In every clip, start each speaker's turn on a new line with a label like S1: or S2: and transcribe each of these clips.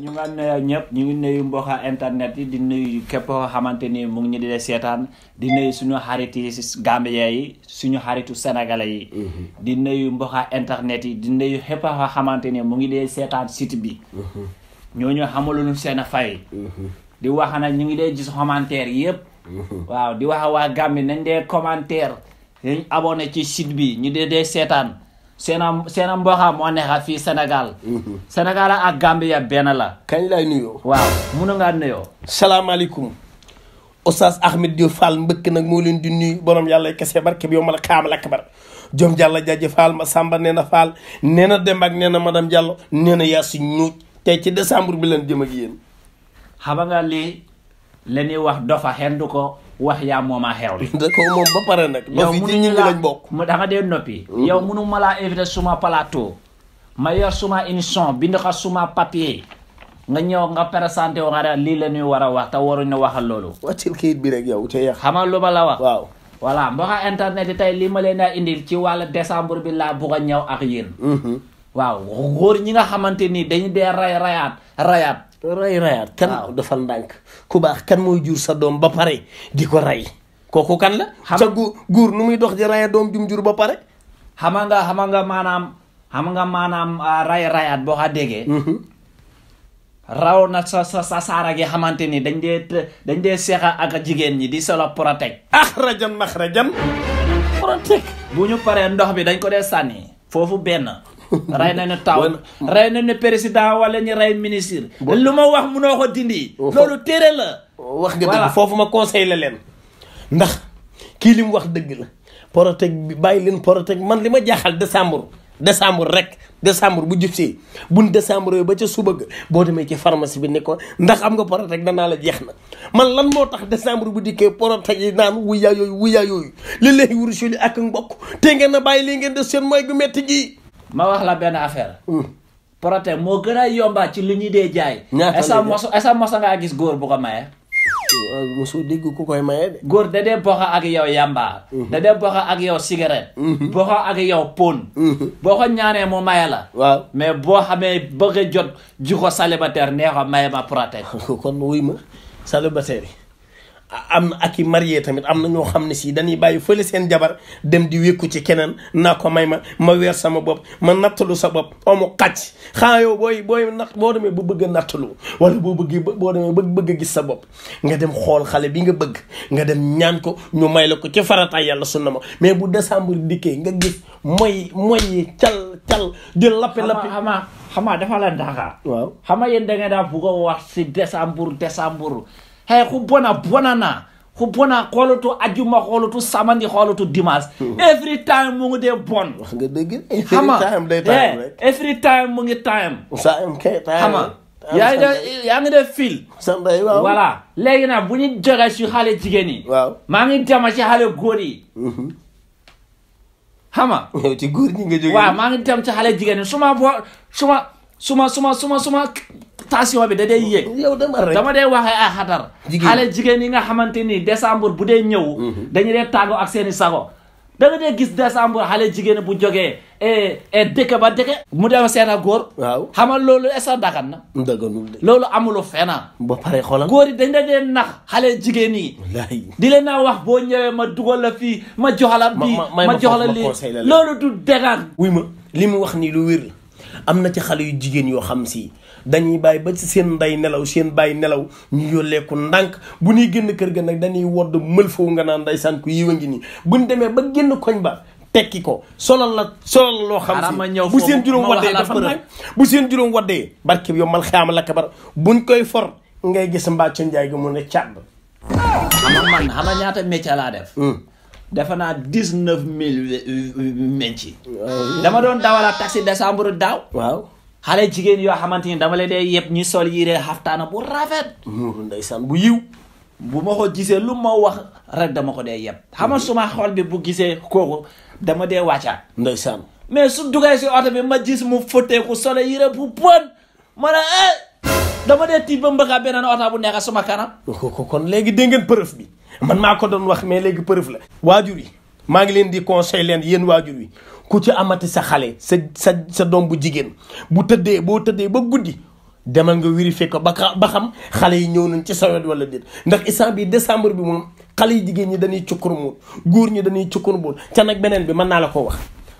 S1: ñu nga nuyu ñëpp ñu ngi nuyu mbokka internet yi di nuyu képp koo xamante ni mu ngi ñu di seetaan di nuyu suñu xariti Gambien yi suñu xaritu sénégalais yi. Mm-hmm. di nuyu mbokka internet yi di nuyu képp koo xamante ni mu ngi dee seetaan site bi. Mm-hmm. ñooñu xamaluñu seen fay. Mm-hmm. di wax nag ñu ngi dee gis commentaire yëpp. waaw di wax waa Gambie nañ dee commentaire bi ñu dee dee seetaan. seenam seenam mbooxaa moo neexaat fii Sénégal.
S2: Mhm. Sénégal ak Gambia benn la. kañ lay nuyoo. waaw mun ngaa nuyoo. salaamaaleykum. Oustaz Ahmed Diop Fall mbëkk nag moo leen di nuyu borom yàlla kese barke bi yow ma la xaamal ak bar Jom Jàlla jaajë Fall ma Samba nee na Fall nee na Demba ak nee na madame Diallo nee na yaa si ñuut tey ci décembre bi leen jëm ak yéen. xam lii.
S1: la ñuy wax dofa du ko wax yaa moom a xew da ko moom ba pare nag la lañ bokk da nga dee noppi mm-hmm. yow nu ma laa invité suma plateau ma yor suma émission bind ko suma papier nga ñëw nga présenté wo nga lii la ñuy war a wax te waruñu waxal loolu wàccil kayit bi rek yow te yàq xamal lu ma la wax waaw voilà internet yi tey lii ma leen a indil ci wàllu décembre bi laa bugg a ñëw ak yéen mm-hmm. waaw
S2: góor ñi nga xamante ni dañu dee ray rayaat rayaat ray rayaat kan waaw dafal ndànk ku baax kan mooy jur sa doom ba pare di ko ray kooku kan la sa gu guur dox di raya doom jur ba pare xama nga xama nga maanaam xama nga maanaam ah, ray
S1: rayaat boo xa déggee mm-hmm. raw na sa sa gi xamante ni dañ dee dañ seexa ak jigéen ñi di solo protect axrajan ah, maxrajan protect bu ñu paree ndox bi dañ ko dee sànni foofu benn
S2: rey na ne
S1: taw rey na ne président wala ñu rey ministre lu ma wax munoo ko dindi oh, loolu téere la
S2: wax nga dëgg foofu ma conseil la leen ndax kii li mu wax dëgg la protec bi bàyyi leen protec man li ma jaaxal décembre décembre rek décembre bu jubsee buñ décembre yooyu ba ca suba boo demee ci pharmacie bi ne ko ndax am nga protec danaa la jeex na man lan moo tax décembre bu dikkee protec yi naan wuyaa yooyu wuyaa yooyu li léegi wurusuli ak mbokk te ngeen bàyyi lii ngeen def seen gu metti ma wax la benn affaire. Hmm.
S1: proté moo gën a yombaat ci lu ñuy dee jaay. ñaata est mos est-ce que gis góor bu ko euh, góor da dee boxa ak yow yamba. Hmm. da dee boxa ak yow cigarette. Hmm. boxa ak yow pon. boo ko ñaanee mu maye la. mais
S2: boo xamee bëgg jot ji ko célibataire nee ko maye ma proté. kon wuy ma célibataire am na ak i marié tamit am na ñoo xam ne si dañuy bàyyi fële seen jabar dem di wékku ci keneen naa ko may ma ma weer sama bopp ma nattalu sa bopp omo xàcc xaa yow booy booy boo demee ba bëgg a nattalu wala boo boo demee ba bëgg gis sa bopp nga dem xool xale bi nga bëgg nga dem ñaan ko ñu may la ko ci farataay yàlla sunna ma mais bu décembre dikkee nga gis mooy mooy cal cal di lappi lappi xamaa
S1: xamaa dafa la daaxaa waaw xama yéen da nga daa bugg a wax si décembre décembre he go bona na go bona golo to adima golo to samandi golo to dimas every time mo ngi dey bon wax nga dëgg every time day time rek every time mo ngi time yaa ngi def fil samedi waaw voilà léegi nag bu ñu jógee si xale jigéen yi waaw maa e ngi dema si xale góor yi
S2: xama mm-hmm. ci góor ñi maa
S1: e ngi dem ci xale jigéen suma bo suma suma suma suma suma tension bi da day dama dee day waxee ay xatar xale jigéen yi nga xamante ni décembre bu dee ñëw mhm. dañu dee tàggoo ak seen i sago da nga dee gis décembre xale jigéen bu joge e, e dëkk ba dëkk mu dem seen a góor waaw xamal loolu est-ce dagan na loolu amulu fenaa ba pare xoolal góor yi dañ da dee nax xale jigéen yi di leen naa wax boo ñëwee ma dugal la fii ma joxala bi ma joxala lii loolu
S2: du dagan wuy ma li mu wax nii lu wér am na ci xale yu jigéen yoo xam si dañuy bàyyi ba ci seen nday nelaw seen bàyyi nelaw ñu yolleeku ndànk bu ñuy génn kër ga nag dañuy wodd mël foofu nga naan ndeysaan ku yiw ngi nii bu ñu demee ba génn koñ ba tekki ko solal la solal la loo xam si bu seen juróom waddee bu seen juróom waddee barke bi yow mal xaama la kabar buñ koy for ngay gis mbàcc njaay gi mu ne càdd a man xam nga ñaata métier laa def hmm. defe naa dix
S1: neuf mille euh, euh, métier dama doon dawalaat taxi décembre daaw xale jigéen yoo xamante ni dama leen dee yëpp ñu sol yére xaftaana bu rafet. ndeysaan bu yiw. bu ma ko gisee lu ma wax rek dama ko dee yëpp. xam nga mm-hmm. suma xol bi bu gisee kooku dama dee wàccaat. ndeysaan. mais su duggee si oto bi ma gis mu fotteeku solo yére bu bon ma ne eh dama dee tiit ba mbëkka beneen oto bu nekk suma kanam.
S2: kon léegi dégg ngeen preuve bi man maa ko doon wax mais léegi preuve la. waajur yi. maa ngi leen di conseil leen yéen waajur wi ku ci amati sa xale sa sa sa doom bu jigéen bu tëddee boo tëddee ba guddi demal nga vérifier ko ba ba xam xale yi ñëw nañ ci sa wet wala déet ndax instant bi décembre bi moom xale yi jigéen ñi dañuy cukkur muut góor ñi dañuy cukkur muut ca nag beneen bi mën naa la ko wax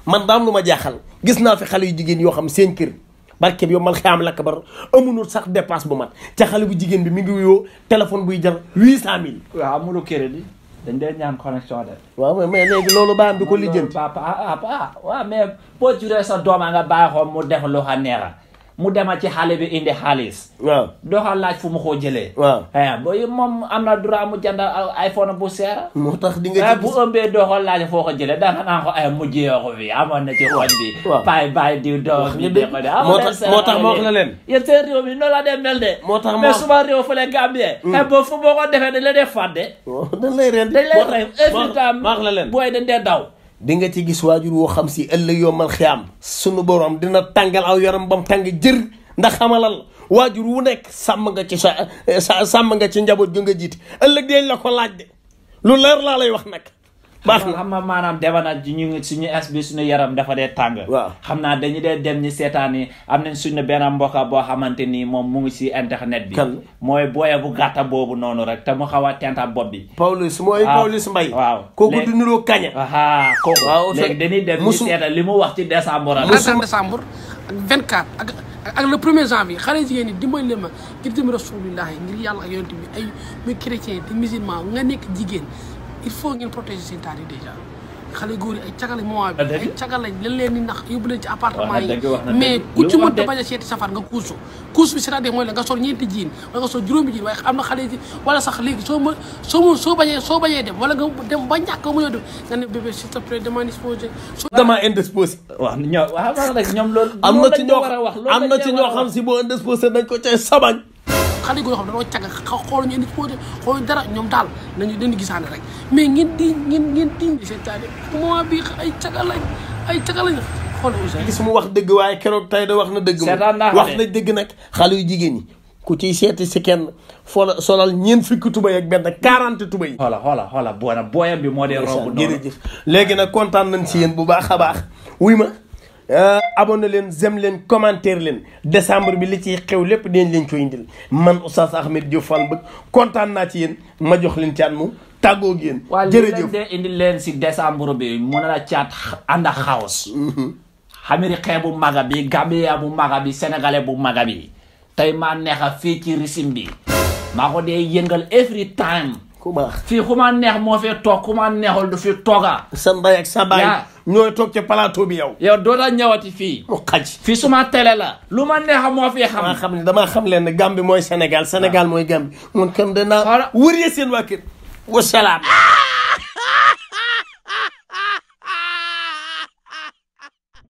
S2: man daam lu ma jaaxal gis naa fi xale yu jigéen yoo xam seen kër barke bi yow mal xiyaam lakk bar amunul sax dépasse bu mat ca xale bu jigéen bi mi ngi wuyoo téléphone buy jar huit cent mille waaw amuloo crédit dañ dee ñaan connexion de. waaw mais léegi loolu
S1: baam bi ko lijjanti. waaw waaw ah, ah, ah, waaw mais boo juree sa dooma nga baaxoo mu def lu xa neexa mu dema ci xale bi indi xaalis. waaw doxal laaj fu mu koo jëlee. waaw eh, booy moom am na droit mu jënd iPhone bu seer. moo tax di eh, bu ëmbee doxal laaj foo ko jëlee danga naan ko ay eh, mujjee ko amoon na ci woon bi. waaw bàyyi bàyyi diw doom ñu dee ko de. moo tax moo tax ma wax de. moo tax ma mais suma réew fële Gambie. Hmm. boo fu boo ko defee dañ la dee fàtte.
S2: dañ lay reen dañ lay reen. leen booy dañ dee daw. di nga ci gis waajur woo xam si ëllëg yomal xiyaam sunu borom dina tàngal aw yaram bam tàng jër ndax xamalal waajur wu nekk sàmm nga ci sa eh, sàmm nga ci njaboot ju nga jiite ëllëg deeñ la ko laaj de lu leer laa lay wax nag baax na xam nga maanaam
S1: demana ji ñu suñu es bi suñu yaram dafa dee tàng waaw xam naa dañu dee dem ñi seetaan yi am nañ suñu benn mbokka boo xamante nii moom mu ngi si internet bi mooy booye bu gàtta boobu noonu rek te mu xaw a tenta bopp bi Paulus mooy Paulus mbay waaw kooku du nuroo kaña aa
S2: kooku waaw léegi dañuy dem ñi seetaan
S1: li mu wax ci décembre ak décembre
S2: ak 24 ak ak le premier janvier xale jigéen ñi dimbali leen ma ngir dem rasulillahi ngir yàlla ak yonent bi ay muy chrétien te nekk jigéen il faut ngeen protéger seen taat yi déjà xale góor yi ay cagale moment bi ay cagale lañ leen di nax yóbbu leen ci appartement yi mais ku ci mën da bañ a seeti safar nga kuusu kuus bi c'est-à-dire mooy la nga sol ñeenti jiin wala nga sol juróomi jiin waaye am na xale yi wala sax léegi soo ma soo ma soo bañee dem wala nga dem ba ñàkk mu ñëw dem nga ne bébé s'il te plaît dama indisposé xam si boo indisposé dañ ko cay sabañ xale goo xam ne dañoo cagg xooluñu indi fóote xooluñu dara ñoom daal nañu dañu gisaane rek mais ngeen di ngeen ngeen di seen caane bi ay caga lañ ay caga lañ xool aussi gis mu wax dëgg waaye keroog tey da wax na dëgg wax na dëgg nag xale yu jigéen ñi ku ci seeti si kenn foola solal ñeent fukki tubay ak benn quarante tubay yi. xoola xoola xoola booyam bi moo dee. robu noonu léegi nag kontaan nañ si yéen bu baax a baax wuy ma. Euh, abonné leen zem leen commentaire leen décembre bi li ci xew lépp dinañ leen ko indil man Oustaz Ahmed Diop Fall Mbëgg kontaan naa ci yéen ma jox leen caat mu tàggoo gi yéen. jërëjëf waaw
S1: li indil leen si décembre bi mu ne la caat ànd ak mm-hmm. bu maga bi Gambia bu maga bi sénégalais bu maga bi tey maa neexa fii ci risim bi maa ko dee yëngal every time. ku baax fii ku ma neex moo fi toog ku ma neexul du fi tooga sa mbay ak
S2: sa baay ñooy toog ci plateau bi yow yow doo la ñëwati fii mu oh, xaj fii su ma télé la lu ma neex a moo fi xam damaa xam ne damaa xam leen ne mooy senegal senegal ah. mooy Gambie mun kam danaa wëree seen waa kër wasalaam ah!